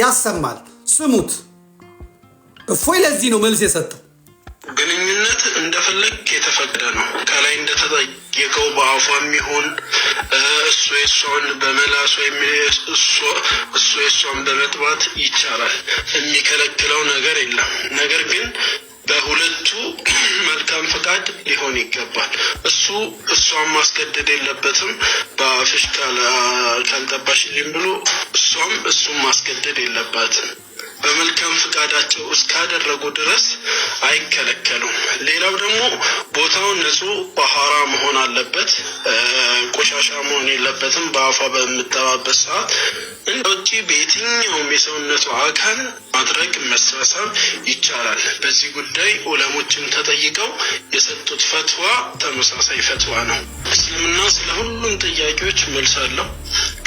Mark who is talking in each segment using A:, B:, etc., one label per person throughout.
A: ያሰማል። ስሙት። እፎይ ለዚህ ነው መልስ የሰጠው።
B: ግንኙነት እንደፈለግ የተፈቀደ ነው። ከላይ እንደተጠየቀው በአፏ የሚሆን እሱ የሷን በመላስ ወይም እሱ የሷን በመጥባት ይቻላል። የሚከለክለው ነገር የለም። ነገር ግን በሁለቱ መልካም ፈቃድ ሊሆን ይገባል። እሱ እሷን ማስገደድ የለበትም። በአፍሽ ካልጠባሽልኝ ብሎ እሷም እሱን ማስገደድ የለባትም። በመልካም ፍቃዳቸው እስካደረጉ ድረስ አይከለከሉም። ሌላው ደግሞ ቦታው ንጹህ ባህራ መሆን አለበት፣ ቆሻሻ መሆን የለበትም። በአፏ በምጠባበት ሰዓት ውጭ በየትኛውም የሰውነቱ አካል ማድረግ መሳሳብ ይቻላል። በዚህ ጉዳይ ዑለሞችም ተጠይቀው የሰጡት ፈትዋ ተመሳሳይ ፈትዋ ነው። እስልምና ስለ ሁሉም ጥያቄዎች መልስ አለው።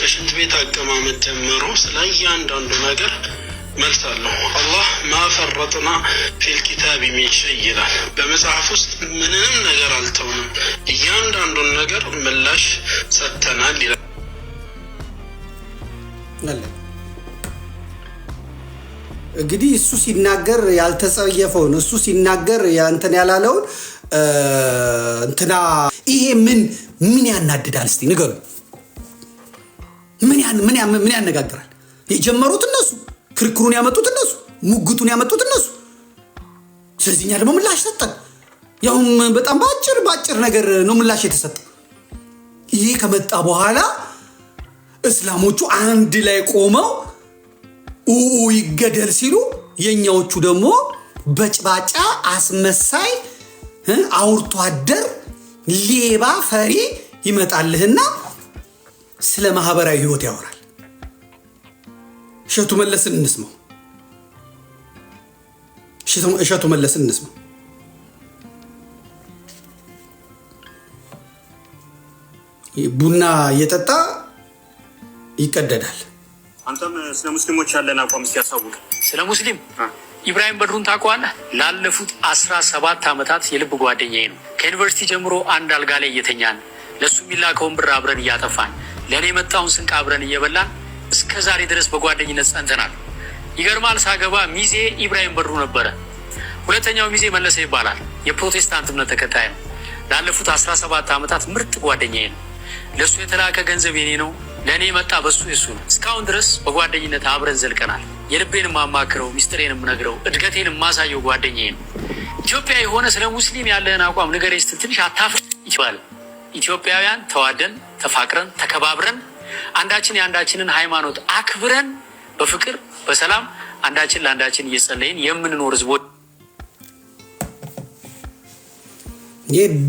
B: ከሽንት ቤት አቀማመጥ ጀምሮ ስለ እያንዳንዱ ነገር መልስ አለው። አላህ ማፈረጥና ፊል ኪታብ ሚን ይላል። በመጽሐፍ ውስጥ ምንም ነገር አልተውንም፣ እያንዳንዱን ነገር ምላሽ ሰጥተናል ይላል።
A: እንግዲህ እሱ ሲናገር ያልተጸየፈውን እሱ ሲናገር እንትን ያላለውን እንትና ይሄ ምን ምን ያናድዳል? እስቲ ንገሩ። ምን ያነጋግራል? የጀመሩት እነሱ ክርክሩን ያመጡት እነሱ፣ ሙግቱን ያመጡት እነሱ። ስለዚህ እኛ ደግሞ ምላሽ ሰጠን። ያውም በጣም በአጭር በአጭር ነገር ነው ምላሽ የተሰጠ። ይህ ከመጣ በኋላ እስላሞቹ አንድ ላይ ቆመው ኡኡ ይገደል ሲሉ፣ የእኛዎቹ ደግሞ በጭባጫ አስመሳይ አውርቶ አደር ሌባ ፈሪ ይመጣልህና ስለ ማህበራዊ ህይወት ያወራል። እሸቱ መለስን እንስማው። እሸቱ መለስን እንስማው። ቡና እየጠጣ ይቀደዳል።
C: አንተም ስለ ሙስሊሞች ያለን አቋም ሲያሳውቅ
D: ስለ ሙስሊም ኢብራሂም በድሩን ታውቀዋለህ? ላለፉት አስራ ሰባት ዓመታት የልብ ጓደኛዬ ነው። ከዩኒቨርሲቲ ጀምሮ አንድ አልጋ ላይ እየተኛን ለእሱ የሚላከውን ብር አብረን እያጠፋን ለእኔ የመጣውን ስንቅ አብረን እየበላን እስከ ዛሬ ድረስ በጓደኝነት ጸንተናል። ይገርማል። ሳገባ ሚዜ ኢብራሂም በሩ ነበረ። ሁለተኛው ሚዜ መለሰ ይባላል። የፕሮቴስታንት እምነት ተከታይ ነው። ላለፉት አስራ ሰባት ዓመታት ምርጥ ጓደኛዬ ነው። ለእሱ የተላከ ገንዘብ የኔ ነው፣ ለእኔ መጣ በሱ የሱ ነው። እስካሁን ድረስ በጓደኝነት አብረን ዘልቀናል። የልቤን አማክረው ሚስጥሬን ነግረው እድገቴን የማሳየው ጓደኛዬ ነው። ኢትዮጵያ የሆነ ስለ ሙስሊም ያለህን አቋም ንገሬ ስትል ትንሽ አታፍር ይችላል። ኢትዮጵያውያን ተዋደን ተፋቅረን ተከባብረን አንዳችን የአንዳችንን ሃይማኖት አክብረን በፍቅር በሰላም አንዳችን ለአንዳችን እየጸለይን የምንኖር ህዝቦ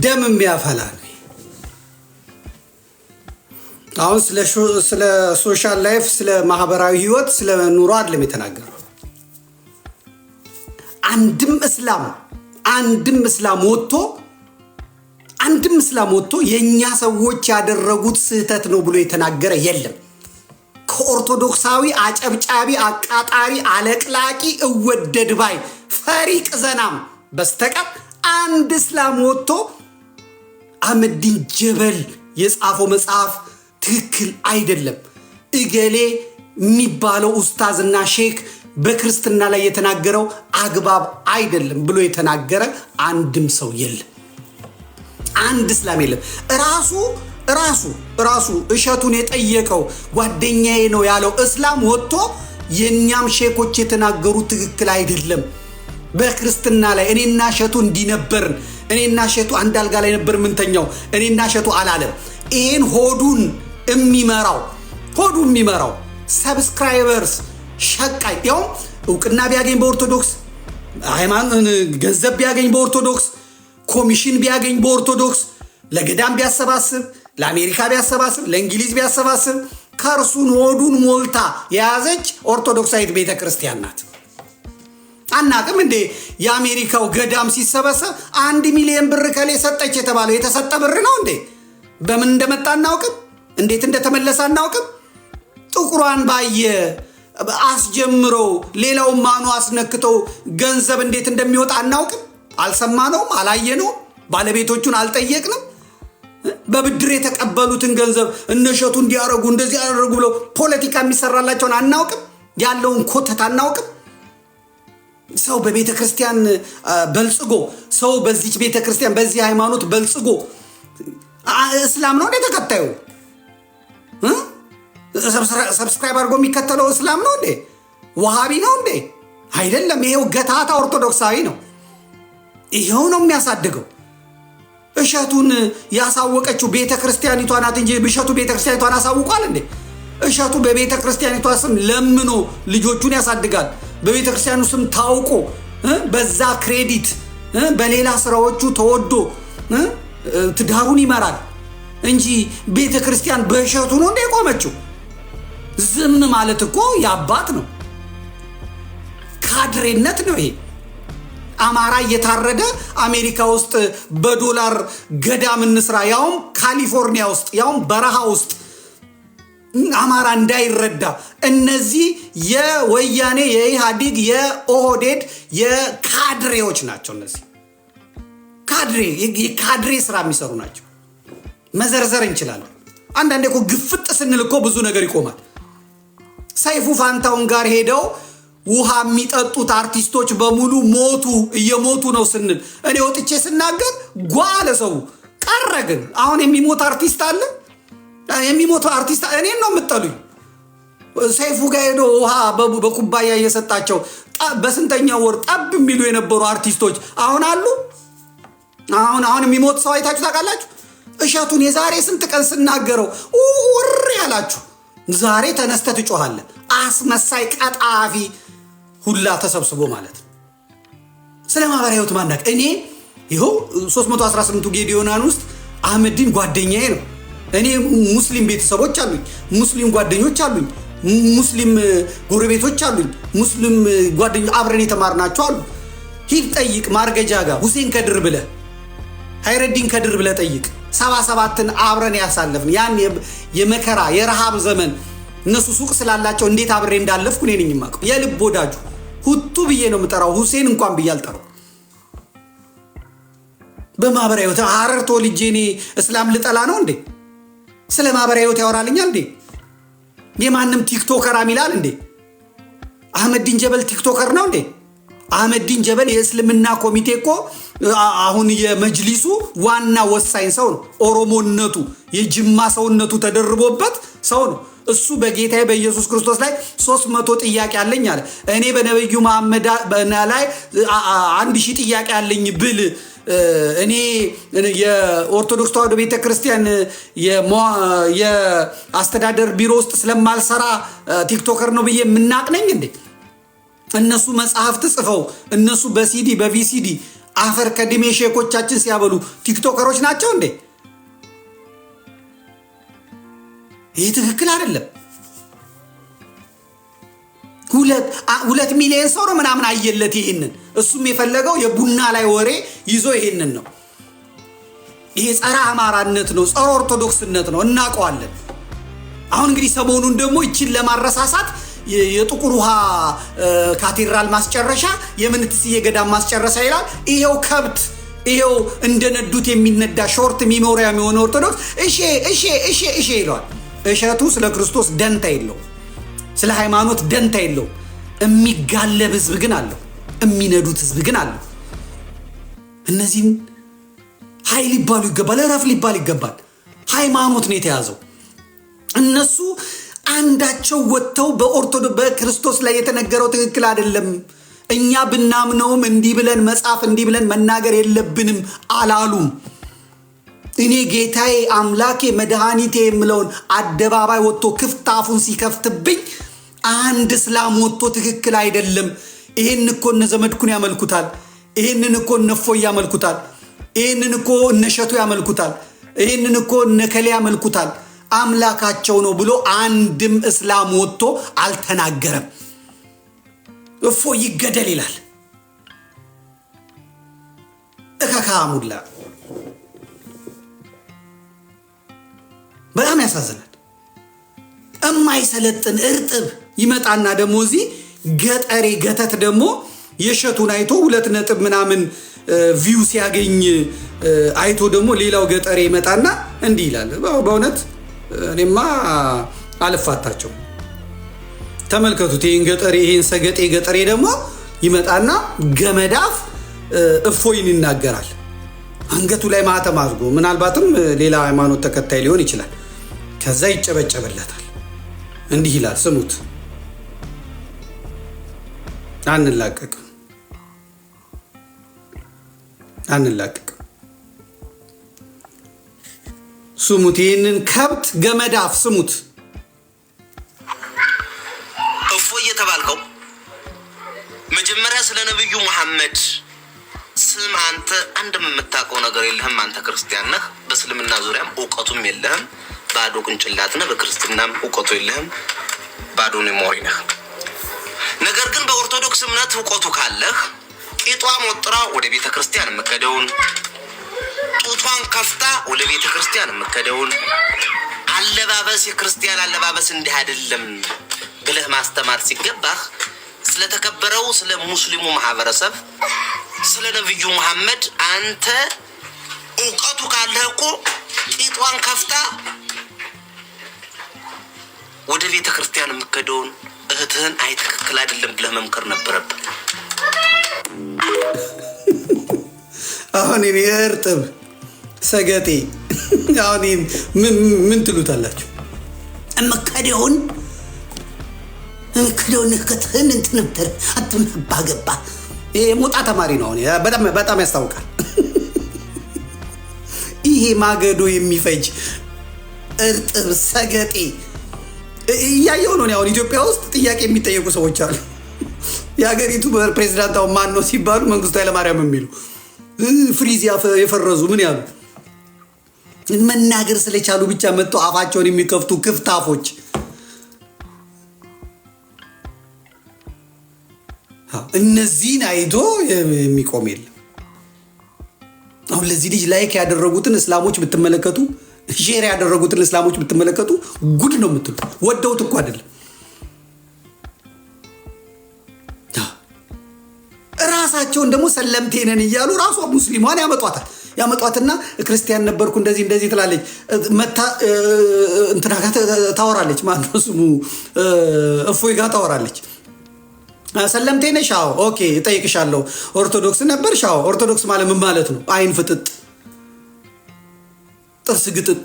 A: ደም የሚያፈላ አሁን ስለ ሶሻል ላይፍ ስለ ማህበራዊ ህይወት ስለ ኑሮ አይደለም የተናገረው። አንድም እስላም አንድም እስላም ወጥቶ አንድም እስላም ወጥቶ የእኛ ሰዎች ያደረጉት ስህተት ነው ብሎ የተናገረ የለም። ከኦርቶዶክሳዊ አጨብጫቢ፣ አቃጣሪ፣ አለቅላቂ፣ እወደድ ባይ ፈሪቅ ዘናም በስተቀር አንድ እስላም ወጥቶ አህመዲን ጀበል የጻፈው መጽሐፍ ትክክል አይደለም፣ እገሌ የሚባለው ኡስታዝና ሼክ በክርስትና ላይ የተናገረው አግባብ አይደለም ብሎ የተናገረ አንድም ሰው የለም። አንድ እስላም የለም። ራሱ ራሱ ራሱ እሸቱን የጠየቀው ጓደኛዬ ነው ያለው እስላም ወጥቶ የእኛም ሼኮች የተናገሩት ትክክል አይደለም በክርስትና ላይ እኔና እሸቱ እንዲነበርን እኔና እሸቱ አንድ አልጋ ላይ ነበር ምንተኛው እኔና እሸቱ አላለም። ይሄን ሆዱን የሚመራው ሆዱ የሚመራው ሰብስክራይበርስ ሸቃይ ያውም እውቅና ቢያገኝ በኦርቶዶክስ ሃይማኖት ገንዘብ ቢያገኝ በኦርቶዶክስ ኮሚሽን ቢያገኝ በኦርቶዶክስ ለገዳም ቢያሰባስብ ለአሜሪካ ቢያሰባስብ ለእንግሊዝ ቢያሰባስብ ከእርሱን ሆዱን ሞልታ የያዘች ኦርቶዶክሳዊት ቤተ ክርስቲያን ናት። አናቅም እንዴ? የአሜሪካው ገዳም ሲሰበሰብ አንድ ሚሊዮን ብር ከሌ ሰጠች የተባለው የተሰጠ ብር ነው እንዴ? በምን እንደመጣ አናውቅም። እንዴት እንደተመለሰ አናውቅም። ጥቁሯን ባየ አስጀምሮ ሌላውን ማኑ አስነክቶ ገንዘብ እንዴት እንደሚወጣ አናውቅም። አልሰማነውም፣ አላየነውም፣ ባለቤቶቹን አልጠየቅንም። በብድር የተቀበሉትን ገንዘብ እነሸቱ እንዲያደርጉ እንደዚህ ያደረጉ ብለው ፖለቲካ የሚሰራላቸውን አናውቅም፣ ያለውን ኮተት አናውቅም። ሰው በቤተ ክርስቲያን በልጽጎ ሰው በዚች ቤተ ክርስቲያን በዚህ ሃይማኖት በልጽጎ እስላም ነው እንደ ተከታዩ ሰብስክራይብ አድርጎ የሚከተለው እስላም ነው እንዴ? ውሃቢ ነው እንዴ? አይደለም። ይሄው ገታታ ኦርቶዶክሳዊ ነው። ይኸው ነው የሚያሳድገው። እሸቱን ያሳወቀችው ቤተ ክርስቲያኒቷ ናት እንጂ እሸቱ ቤተ ክርስቲያኒቷን አሳውቋል እንዴ? እሸቱ በቤተ ክርስቲያኒቷ ስም ለምኖ ልጆቹን ያሳድጋል። በቤተ ክርስቲያኑ ስም ታውቆ በዛ ክሬዲት በሌላ ስራዎቹ ተወዶ ትዳሩን ይመራል እንጂ ቤተ ክርስቲያን በእሸቱ ነው እንዴ የቆመችው። ዝም ማለት እኮ የአባት ነው፣ ካድሬነት ነው ይሄ። አማራ እየታረደ አሜሪካ ውስጥ በዶላር ገዳም እንስራ፣ ያውም ካሊፎርኒያ ውስጥ ያውም በረሃ ውስጥ አማራ እንዳይረዳ እነዚህ የወያኔ የኢህአዲግ የኦህዴድ የካድሬዎች ናቸው። እነዚህ ካድሬ የካድሬ ስራ የሚሰሩ ናቸው። መዘርዘር እንችላለን። አንዳንዴ እኮ ግፍጥ ስንል እኮ ብዙ ነገር ይቆማል። ሰይፉ ፋንታውን ጋር ሄደው ውሃ የሚጠጡት አርቲስቶች በሙሉ ሞቱ፣ እየሞቱ ነው ስንል እኔ ወጥቼ ስናገር ጓለ ሰው ቀረ። ግን አሁን የሚሞት አርቲስት አለ? የሚሞት አርቲስት እኔን ነው የምጠሉኝ። ሰይፉ ጋር ሄዶ ውሃ በኩባያ እየሰጣቸው በስንተኛው ወር ጠብ የሚሉ የነበሩ አርቲስቶች አሁን አሉ? አሁን አሁን የሚሞት ሰው አይታችሁ ታውቃላችሁ? እሸቱን የዛሬ ስንት ቀን ስናገረው ውር ያላችሁ ዛሬ ተነስተ ትጮኋለ። አስመሳይ ቀጣፊ ሁላ ተሰብስቦ ማለት ነው። ስለ ማህበራዊ ህይወት ማናቅ እኔ ይኸው 318ቱ ጌዲዮናን ውስጥ አህመድን ጓደኛዬ ነው። እኔ ሙስሊም ቤተሰቦች አሉኝ፣ ሙስሊም ጓደኞች አሉኝ፣ ሙስሊም ጎረቤቶች አሉኝ፣ ሙስሊም ጓደኞች አብረን የተማርናቸው አሉ። ሂድ ጠይቅ፣ ማርገጃ ጋር ሁሴን ከድር ብለ ሀይረዲን ከድር ብለ ጠይቅ። ሰባ ሰባትን አብረን ያሳለፍን ያን የመከራ የረሃብ ዘመን እነሱ ሱቅ ስላላቸው እንዴት አብሬ እንዳለፍኩ እኔ ነኝ የማውቀው የልብ ወዳጁ ሁቱ ብዬ ነው የምጠራው። ሁሴን እንኳን ብዬ አልጠራው። በማህበራዊ ህይወት ሀረር ተወልጄ እኔ እስላም ልጠላ ነው እንዴ? ስለ ማህበራዊ ህይወት ያወራልኛል እንዴ? የማንም ቲክቶከር ሚላል እንዴ? አህመዲን ጀበል ቲክቶከር ነው እንዴ? አህመዲን ጀበል የእስልምና ኮሚቴ እኮ አሁን የመጅሊሱ ዋና ወሳኝ ሰው ነው። ኦሮሞነቱ የጅማ ሰውነቱ ተደርቦበት ሰው ነው። እሱ በጌታዬ በኢየሱስ ክርስቶስ ላይ ሶስት መቶ ጥያቄ አለኝ አለ። እኔ በነቢዩ መሐመድ ላይ አንድ ሺህ ጥያቄ አለኝ ብል እኔ የኦርቶዶክስ ተዋህዶ ቤተ ክርስቲያን የአስተዳደር ቢሮ ውስጥ ስለማልሰራ ቲክቶከር ነው ብዬ የምናቅ ነኝ እንዴ? እነሱ መጽሐፍት ጽፈው እነሱ በሲዲ በቪሲዲ አፈር ከድሜ ሼኮቻችን ሲያበሉ ቲክቶከሮች ናቸው እንዴ? ይህ ትክክል አይደለም። ሁለት ሚሊዮን ሰው ነው ምናምን አየለት። ይህንን እሱም የፈለገው የቡና ላይ ወሬ ይዞ ይህንን ነው። ይሄ ጸረ አማራነት ነው፣ ጸረ ኦርቶዶክስነት ነው፣ እናውቀዋለን። አሁን እንግዲህ ሰሞኑን ደግሞ ይችን ለማረሳሳት የጥቁር ውሃ ካቴድራል ማስጨረሻ የምንትስዬ ገዳም ማስጨረሻ ይላል። ይሄው ከብት ይሄው እንደነዱት የሚነዳ ሾርት ሚሞሪያ የሚሆነ ኦርቶዶክስ እሼ እሼ እሼ እሼ ይለዋል። እሸቱ ስለ ክርስቶስ ደንታ የለው፣ ስለ ሃይማኖት ደንታ የለው። የሚጋለብ ህዝብ ግን አለው፣ የሚነዱት ህዝብ ግን አለው። እነዚህም ሀይ ሊባሉ ይገባል፣ እረፍ ሊባል ይገባል። ሃይማኖት ነው የተያዘው። እነሱ አንዳቸው ወጥተው በክርስቶስ ላይ የተነገረው ትክክል አይደለም፣ እኛ ብናምነውም እንዲህ ብለን መጻፍ እንዲህ ብለን መናገር የለብንም አላሉም። እኔ ጌታዬ አምላኬ መድኃኒቴ የምለውን አደባባይ ወጥቶ ክፍት አፉን ሲከፍትብኝ አንድ እስላም ወጥቶ ትክክል አይደለም፣ ይህን እኮ እነ ዘመድኩን ያመልኩታል፣ ይህንን እኮ እነ እፎይ ያመልኩታል፣ ይህንን እኮ እነ ያመልኩታል፣ ይህንን እኮ እነ ከሌ ያመልኩታል፣ አምላካቸው ነው ብሎ አንድም እስላም ወጥቶ አልተናገረም። እፎይ ይገደል ይላል እከካሙላ በጣም ያሳዝናል። እማይሰለጥን እርጥብ ይመጣና ደግሞ እዚህ ገጠሬ ገተት ደግሞ የሸቱን አይቶ ሁለት ነጥብ ምናምን ቪው ሲያገኝ አይቶ ደግሞ ሌላው ገጠሬ ይመጣና እንዲህ ይላል። በእውነት እኔማ አልፋታቸው። ተመልከቱት፣ ይህን ገጠሬ ይህን ሰገጤ ገጠሬ ደግሞ ይመጣና ገመዳፍ እፎይን ይናገራል። አንገቱ ላይ ማተም አድርጎ ምናልባትም ሌላ ሃይማኖት ተከታይ ሊሆን ይችላል። ከዛ ይጨበጨበለታል። እንዲህ ይላል፣ ስሙት። አንላቀቅም አንላቀቅም። ስሙት፣ ይህንን ከብት ገመዳፍ ስሙት።
D: እፎ እየተባልከው መጀመሪያ ስለ ነቢዩ መሐመድ ስም አንተ አንድም የምታውቀው ነገር የለህም። አንተ ክርስቲያን ነህ፣ በእስልምና ዙሪያም እውቀቱም የለህም። ባዶ ቅንጭላት ነህ። በክርስትናም እውቀቱ የለህም፣ ባዶ ሞሪ ነህ። ነገር ግን በኦርቶዶክስ እምነት እውቀቱ ካለህ ቂጧ ሞጥራ ወደ ቤተ ክርስቲያን የምከደውን ጡቷን ከፍታ ወደ ቤተ ክርስቲያን የምከደውን አለባበስ የክርስቲያን አለባበስ እንዲህ አይደለም ብለህ ማስተማር ሲገባህ ስለተከበረው ስለ ሙስሊሙ ማህበረሰብ ስለ ነቢዩ መሐመድ አንተ እውቀቱ ካለህ እኮ ቂጧን ከፍታ ወደ ቤተ ክርስቲያን የምከደውን እህትህን አይ ትክክል አይደለም ብለህ መምከር ነበረብህ።
A: አሁን እኔ እርጥብ ሰገጤ አሁን ምን ትሉታላችሁ? እምከደውን እምከደውን እህትህን እንትን ነበር አትምባ ገባ። ሞጣ ተማሪ ነው። አሁን በጣም ያስታውቃል። ይሄ ማገዶ የሚፈጅ እርጥብ ሰገጤ እያየው ነው። አሁን ኢትዮጵያ ውስጥ ጥያቄ የሚጠየቁ ሰዎች አሉ። የሀገሪቱ ፕሬዚዳንት አሁን ማን ነው ሲባሉ መንግስቱ ኃይለማርያም የሚሉ ፍሪዝ የፈረዙ ምን ያሉ መናገር ስለቻሉ ብቻ መጥተው አፋቸውን የሚከፍቱ ክፍት አፎች እነዚህን አይቶ የሚቆም የለም። አሁን ለዚህ ልጅ ላይክ ያደረጉትን እስላሞች ብትመለከቱ ሼር ያደረጉትን እስላሞች ብትመለከቱ ጉድ ነው የምትሉ። ወደውት እኮ አይደለም ራሳቸውን ደግሞ ሰለምቴነን እያሉ ራሷ ሙስሊሟን ያመጧታል ያመጧትና ክርስቲያን ነበርኩ እንደዚህ እንደዚህ ትላለች። መታ እንትና ታወራለች። ማነው ስሙ እፎይ ጋር ታወራለች። ሰለምቴ ነሽ? አዎ ኦኬ፣ እጠይቅሻለሁ። ኦርቶዶክስ ነበርሽ? አዎ ኦርቶዶክስ ማለት ምን ማለት ነው? አይን ፍጥጥ ጥርስ ግጥጥ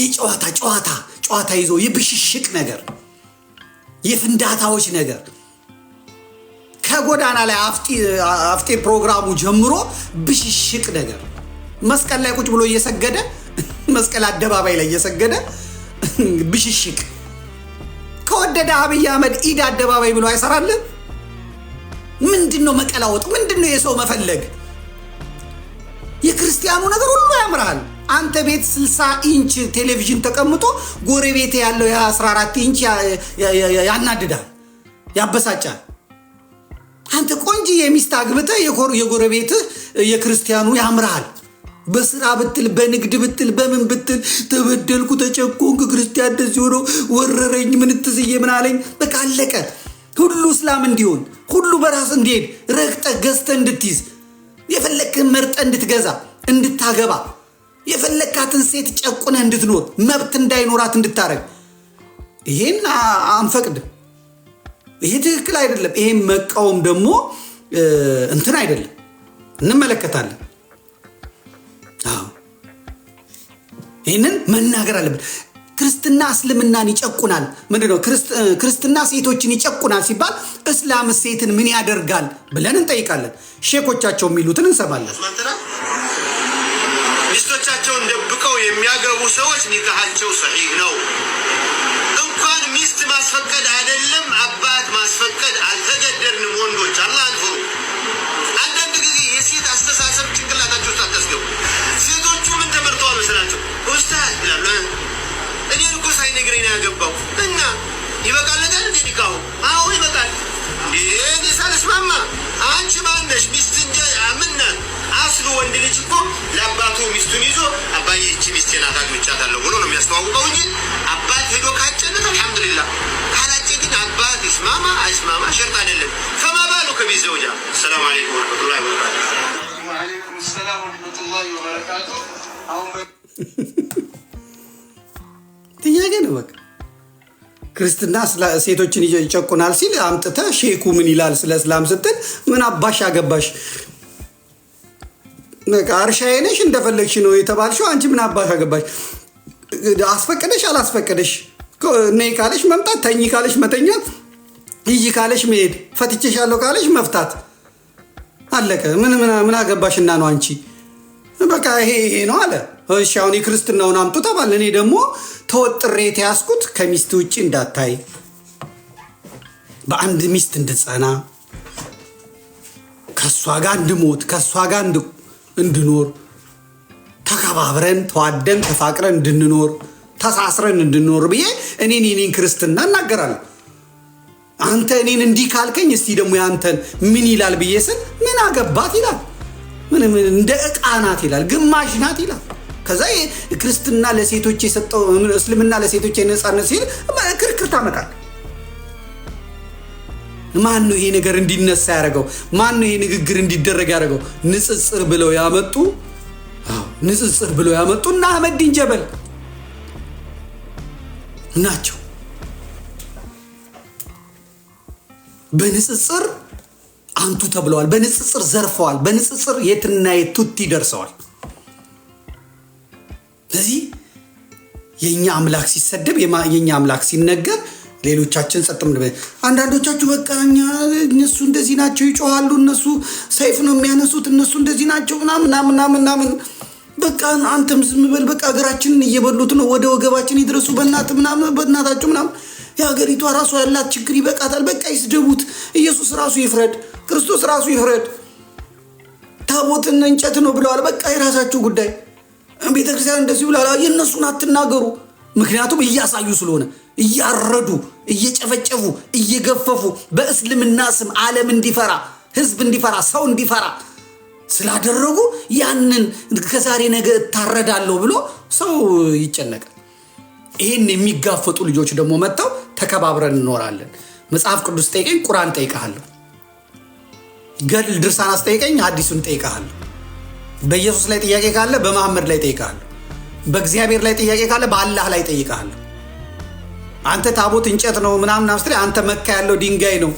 A: የጨዋታ ጨዋታ ጨዋታ ይዞ የብሽሽቅ ነገር የፍንዳታዎች ነገር ከጎዳና ላይ አፍጤ ፕሮግራሙ ጀምሮ ብሽሽቅ ነገር መስቀል ላይ ቁጭ ብሎ እየሰገደ መስቀል አደባባይ ላይ እየሰገደ ብሽሽቅ ከወደደ አብይ አህመድ ኢድ አደባባይ ብሎ አይሰራልን? ምንድን ነው መቀላወጥ? ምንድን ነው የሰው መፈለግ? የክርስቲያኑ ነገር ሁሉ ያምራል። አንተ ቤት 60 ኢንች ቴሌቪዥን ተቀምጦ ጎረቤት ያለው የ14 ኢንች ያናድዳል፣ ያበሳጫል። አንተ ቆንጂ የሚስት አግብተህ የጎረቤትህ የክርስቲያኑ ያምራል። በስራ ብትል በንግድ ብትል በምን ብትል ተበደልኩ፣ ተጨቆንኩ፣ ክርስቲያን ደስ ሆኖ ወረረኝ፣ ምንትስዬ ምን አለኝ፣ በቃ አለቀ። ሁሉ እስላም እንዲሆን ሁሉ በራስ እንዲሄድ ረግጠ ገዝተ እንድትይዝ የፈለግህን መርጠ እንድትገዛ እንድታገባ የፈለግካትን ሴት ጨቁነ እንድትኖር መብት እንዳይኖራት እንድታረግ ይሄን አንፈቅድም። ይሄ ትክክል አይደለም። ይሄን መቃወም ደግሞ እንትን አይደለም። እንመለከታለን። ይህንን መናገር አለብን። ክርስትና እስልምናን ይጨቁናል። ምንድን ነው ክርስትና ሴቶችን ይጨቁናል ሲባል እስላም ሴትን ምን ያደርጋል ብለን እንጠይቃለን። ሼኮቻቸው የሚሉትን እንሰማለን።
D: ሚስቶቻቸውን ደብቀው የሚያገቡ ሰዎች ኒካሃቸው ሰሒህ ነው። እንኳን ሚስት ማስፈቀድ አይደለም አባት ማስፈቀድ አልተገደድንም። ወንዶች አላህ አልፈሩ ያገባው እና ይበቃል ነገር እንዴ ዲቃሁ አሁ ይበቃል ይህ ሳልስማማ አንቺ ማነሽ ሚስት እንጂ ምናል አስሉ ወንድ ልጅ እኮ ለአባቱ ሚስቱን ይዞ አባዬ ይቺ ሚስቴ ናት አግብቻታለሁ ብሎ ነው የሚያስተዋውቀው እንጂ አባት ሄዶ ካጨነ አልሐምዱሊላ ካላጨ ግን አባት ይስማማ አይስማማ ሸርጥ አይደለም። ከማባሉ ባሉ ከቤት ዘውጃ ሰላም አለይኩም ወረመቱላ ወበረካቱ።
E: ወአለይኩም ሰላም ወረመቱላ ወበረካቱ። አሁን
A: ጥያቄ ነው በቃ ክርስትና ሴቶችን ይጨቁናል ሲል አምጥተ ሼኩ ምን ይላል ስለ እስላም ስትል ምን አባሽ አገባሽ? አርሻዬ ነሽ እንደፈለግሽ ነው የተባልሽው። አንቺ ምን አባሽ አገባሽ? አስፈቀደሽ አላስፈቀደሽ፣ እኔ ካለሽ መምጣት፣ ተኝ ካለሽ መተኛት፣ ይይ ካለሽ መሄድ፣ ፈትቼሻለሁ ካለሽ መፍታት፣ አለቀ። ምን ምን አገባሽና ነው አንቺ በቃ ይሄ ይሄ ነው አለ እሺ አሁን የክርስትናውን አምጡ ተባለ። እኔ ደግሞ ተወጥሬ የተያዝኩት ከሚስት ውጭ እንዳታይ በአንድ ሚስት እንድጸና ከእሷ ጋር እንድሞት ከእሷ ጋር እንድኖር ተከባብረን ተዋደን ተፋቅረን እንድንኖር ተሳስረን እንድንኖር ብዬ እኔን የኔን ክርስትና እናገራለሁ። አንተ እኔን እንዲህ ካልከኝ እስቲ ደግሞ ያንተን ምን ይላል ብዬ ስል ምን አገባት ይላል። ምንም እንደ ዕቃ ናት ይላል፣ ግማሽ ናት ይላል። ከዛ ክርስትና ለሴቶች የሰጠው እስልምና ለሴቶች የነጻነት ሲል ክርክር ታመጣል። ማን ነው ይሄ ነገር እንዲነሳ ያደረገው? ማን ነው ይሄ ንግግር እንዲደረግ ያደረገው? ንጽጽር ብለው ያመጡ ንጽጽር ብለው ያመጡ እና አህመዲን ጀበል ናቸው። በንጽጽር አንቱ ተብለዋል። በንጽጽር ዘርፈዋል። በንጽጽር የትና የቱቲ ደርሰዋል። ስለዚህ የእኛ አምላክ ሲሰደብ የእኛ አምላክ ሲነገር ሌሎቻችን ጸጥ አንዳንዶቻችሁ በቃ እኛ እነሱ እንደዚህ ናቸው ይጮኋሉ፣ እነሱ ሰይፍ ነው የሚያነሱት፣ እነሱ እንደዚህ ናቸው ምናምን ምናምን። በቃ አንተም ዝም በል በቃ ሀገራችንን እየበሉት ነው፣ ወደ ወገባችን ይድረሱ በእናት ምናምን በእናታችሁ ምናምን። የሀገሪቷ ራሷ ያላት ችግር ይበቃታል፣ በቃ ይስደቡት። ኢየሱስ ራሱ ይፍረድ፣ ክርስቶስ ራሱ ይፍረድ። ታቦትን እንጨት ነው ብለዋል። በቃ የራሳችሁ ጉዳይ ቤተክርስቲያን እንደዚህ ብላ የእነሱን አትናገሩ። ምክንያቱም እያሳዩ ስለሆነ እያረዱ፣ እየጨፈጨፉ፣ እየገፈፉ በእስልምና ስም ዓለም እንዲፈራ ህዝብ እንዲፈራ ሰው እንዲፈራ ስላደረጉ ያንን ከዛሬ ነገ እታረዳለሁ ብሎ ሰው ይጨነቃል። ይህን የሚጋፈጡ ልጆች ደግሞ መጥተው ተከባብረን እንኖራለን። መጽሐፍ ቅዱስ ጠይቀኝ፣ ቁርአን ጠይቀሃለሁ። ገድል ድርሳን አስጠይቀኝ፣ ሐዲሱን ጠይቀሃለሁ። በኢየሱስ ላይ ጥያቄ ካለ በመሐመድ ላይ ጠይቃለሁ። በእግዚአብሔር ላይ ጥያቄ ካለ በአላህ ላይ ጠይቃለሁ። አንተ ታቦት እንጨት ነው ምናምን አምስትሬ አንተ መካ ያለው ድንጋይ ነው፣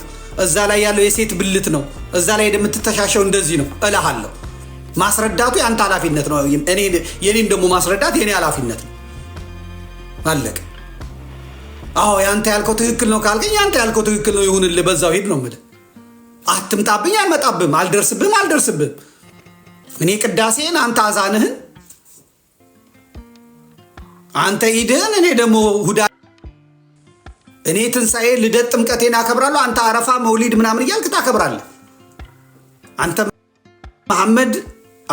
A: እዛ ላይ ያለው የሴት ብልት ነው፣ እዛ ላይ የምትተሻሸው እንደዚህ ነው እልሃለሁ። ማስረዳቱ የአንተ ኃላፊነት ነው። የኔን ደግሞ ማስረዳት የኔ ኃላፊነት ነው። አለቀ። አዎ ያንተ ያልከው ትክክል ነው ካልከኝ ያንተ ያልከው ትክክል ነው ይሁንልህ፣ በዛው ሂድ ነው የምልህ። አትምጣብኝ፣ አልመጣብህም፣ አልደርስብህም፣ አልደርስብህም እኔ ቅዳሴን አንተ አዛንህን አንተ ኢድህን እኔ ደግሞ ሁዳ እኔ ትንሣኤ፣ ልደት፣ ጥምቀቴን አከብራለሁ። አንተ አረፋ፣ መውሊድ ምናምን እያልክ ታከብራለህ። አንተ መሐመድ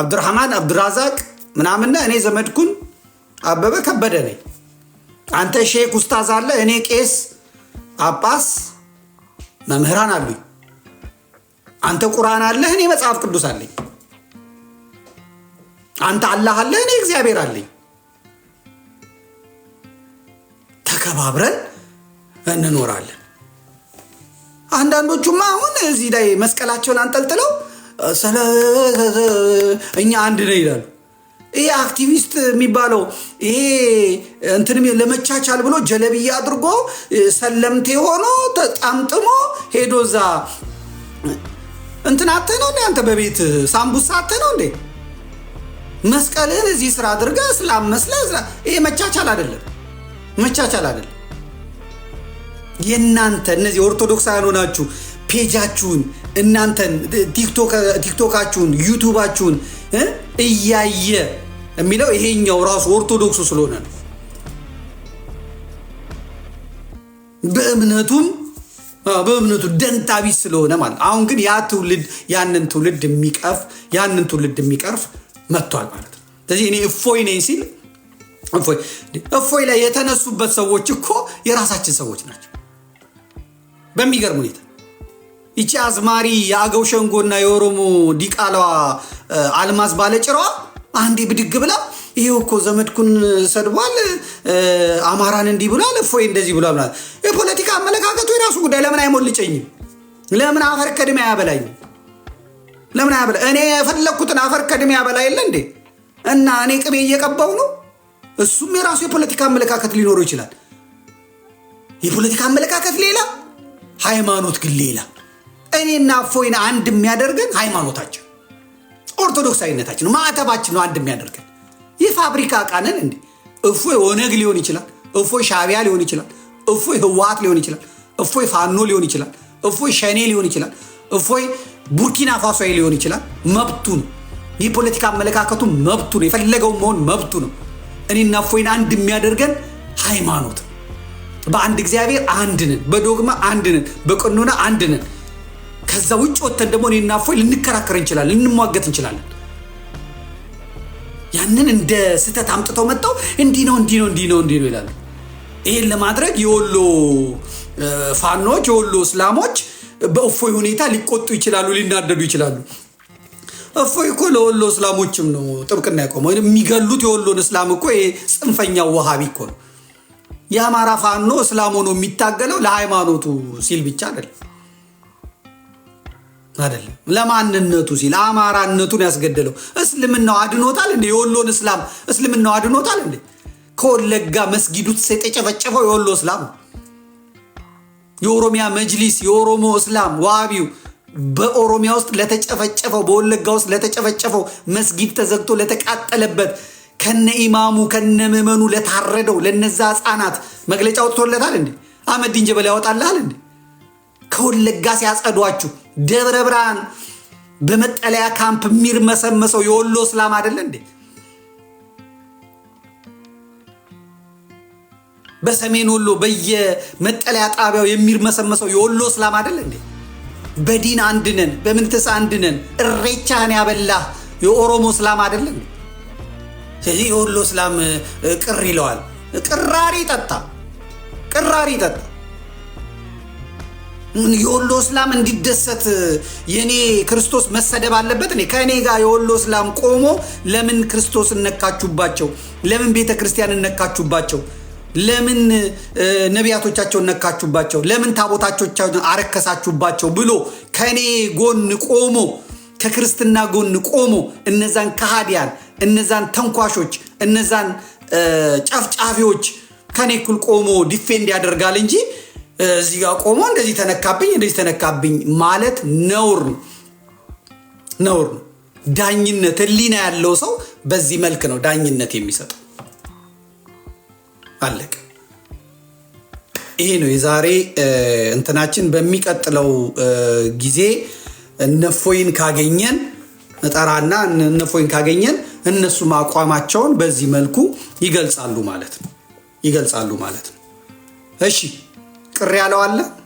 A: አብዱራህማን፣ አብዱራዛቅ ምናምና እኔ ዘመድኩን አበበ ከበደ ነኝ። አንተ ሼክ ውስታዝ አለ፣ እኔ ቄስ ጳጳስ፣ መምህራን አሉኝ። አንተ ቁርአን አለህ፣ እኔ መጽሐፍ ቅዱስ አለኝ። አንተ አላህ አለ፣ እኔ እግዚአብሔር አለኝ። ተከባብረን እንኖራለን። አንዳንዶቹማ አሁን እዚህ ላይ መስቀላቸውን አንጠልጥለው እኛ አንድ ነው ይላሉ። ይሄ አክቲቪስት የሚባለው ይሄ እንትን ለመቻቻል ብሎ ጀለብያ አድርጎ ሰለምቴ ሆኖ ተጣምጥሞ ሄዶ እዛ እንትን አተ ነው እንዴ? አንተ በቤት ሳምቡሳ አተ ነው እንዴ? መስቀልህን እዚህ ስራ አድርገ እስላም መስለህ ይሄ መቻቻል አይደለም፣ መቻቻል አይደለም። የእናንተ እነዚህ ኦርቶዶክሳውያን ሆናችሁ ፔጃችሁን እናንተን ቲክቶካችሁን ዩቱባችሁን እያየ የሚለው ይሄኛው ራሱ ኦርቶዶክሱ ስለሆነ ነው። በእምነቱም በእምነቱ ደንታቢስ ስለሆነ ማለት አሁን ግን ያ ትውልድ ያንን ትውልድ የሚቀፍ ያንን ትውልድ የሚቀርፍ መጥቷል ማለት ነው። ስለዚህ እኔ እፎይ ነኝ ሲል እፎይ ላይ የተነሱበት ሰዎች እኮ የራሳችን ሰዎች ናቸው። በሚገርም ሁኔታ ይቺ አዝማሪ የአገው ሸንጎና የኦሮሞ ዲቃላዋ አልማዝ ባለጭሯ አንዴ ብድግ ብላ ይሄ እኮ ዘመድኩን ሰድቧል፣ አማራን እንዲህ ብሏል፣ እፎይ እንደዚህ ብሏል። የፖለቲካ አመለካከቱ የራሱ ጉዳይ። ለምን አይሞልጨኝም? ለምን አፈር ከድሜ አያበላኝም? ለምን አያበላ? እኔ የፈለግኩትን አፈር ከድሜ ያበላ የለ እንዴ? እና እኔ ቅቤ እየቀባው ነው። እሱም የራሱ የፖለቲካ አመለካከት ሊኖረው ይችላል። የፖለቲካ አመለካከት ሌላ፣ ሃይማኖት ግን ሌላ። እኔና እፎይን አንድ የሚያደርገን ሃይማኖታችን፣ ኦርቶዶክሳዊነታችን፣ ማዕተባችን ነው አንድ የሚያደርገን። የፋብሪካ ዕቃ እንዴ? እፎይ ኦነግ ሊሆን ይችላል። እፎይ ሻቢያ ሊሆን ይችላል። እፎይ ህወሓት ሊሆን ይችላል። እፎይ ፋኖ ሊሆን ይችላል። እፎይ ሸኔ ሊሆን ይችላል። እፎይ ቡርኪና ፋሶ ሊሆን ይችላል። መብቱ ነው። የፖለቲካ አመለካከቱ መብቱ ነው። የፈለገው መሆን መብቱ ነው። እኔና ፎይን አንድ የሚያደርገን ሃይማኖት በአንድ እግዚአብሔር አንድ ነን፣ በዶግማ አንድ ነን፣ በቀኖና አንድ ነን። ከዛ ውጭ ወጥተን ደግሞ እኔና ፎይ ልንከራከር እንችላለን፣ ልንሟገት እንችላለን። ያንን እንደ ስህተት አምጥተው መጥተው እንዲህ ነው እንዲህ ነው እንዲህ ነው እንዲህ ነው ይላሉ። ይህን ለማድረግ የወሎ ፋኖች የወሎ እስላሞች በእፎይ ሁኔታ ሊቆጡ ይችላሉ፣ ሊናደዱ ይችላሉ። እፎይ እኮ ለወሎ እስላሞችም ነው ጥብቅና ወይም የሚገሉት የወሎን እስላም እኮ ጽንፈኛው ወሃቢ እኮ ነው። የአማራ ፋኖ እስላም ሆኖ የሚታገለው ለሃይማኖቱ ሲል ብቻ አይደለም አይደለም ለማንነቱ ሲል አማራነቱን ያስገደለው እስልምናው አድኖታል እንዴ? የወሎን እስላም እስልምናው አድኖታል እንዴ? ከወለጋ መስጊዱ ውስጥ የተጨፈጨፈው የወሎ እስላም ነው። የኦሮሚያ መጅሊስ የኦሮሞ እስላም ዋቢው በኦሮሚያ ውስጥ ለተጨፈጨፈው በወለጋ ውስጥ ለተጨፈጨፈው መስጊድ ተዘግቶ ለተቃጠለበት ከነ ኢማሙ ከነ ምዕመኑ ለታረደው ለነዛ ህፃናት መግለጫ ወጥቶለታል እንዴ? አህመዲን ጀበል ያወጣልሃል እንዴ? ከወለጋ ሲያጸዷችሁ ደብረ ብርሃን በመጠለያ ካምፕ የሚርመሰመሰው የወሎ እስላም አይደለ እንዴ? በሰሜን ወሎ በየመጠለያ ጣቢያው የሚርመሰመሰው የወሎ እስላም አይደል እንዴ? በዲን አንድነን፣ በምንትስ አንድነን፣ እሬቻህን ያበላህ የኦሮሞ እስላም አይደል እንዴ? ስለዚህ የወሎ እስላም ቅር ይለዋል። ቅራሪ ጠጣ፣ ቅራሪ ጠጣ። የወሎ እስላም እንዲደሰት የኔ ክርስቶስ መሰደብ አለበት? እኔ ከእኔ ጋር የወሎ እስላም ቆሞ ለምን ክርስቶስ እነካችሁባቸው? ለምን ቤተ ክርስቲያን እነካችሁባቸው? ለምን ነቢያቶቻቸውን ነካችሁባቸው? ለምን ታቦታቶቻቸውን አረከሳችሁባቸው? ብሎ ከኔ ጎን ቆሞ ከክርስትና ጎን ቆሞ እነዛን ከሃዲያን፣ እነዛን ተንኳሾች፣ እነዛን ጨፍጫፊዎች ከኔ እኩል ቆሞ ዲፌንድ ያደርጋል እንጂ እዚህ ጋር ቆሞ እንደዚህ ተነካብኝ፣ እንደዚህ ተነካብኝ ማለት ነውር ነውር ነው። ዳኝነት ህሊና ያለው ሰው በዚህ መልክ ነው ዳኝነት የሚሰጠው። አለቀ። ይሄ ነው የዛሬ እንትናችን። በሚቀጥለው ጊዜ እነፎይን ካገኘን እጠራና እነፎይን ካገኘን እነሱም አቋማቸውን በዚህ መልኩ ይገልጻሉ ማለት ነው ይገልጻሉ ማለት ነው። እሺ ቅር ያለው አለ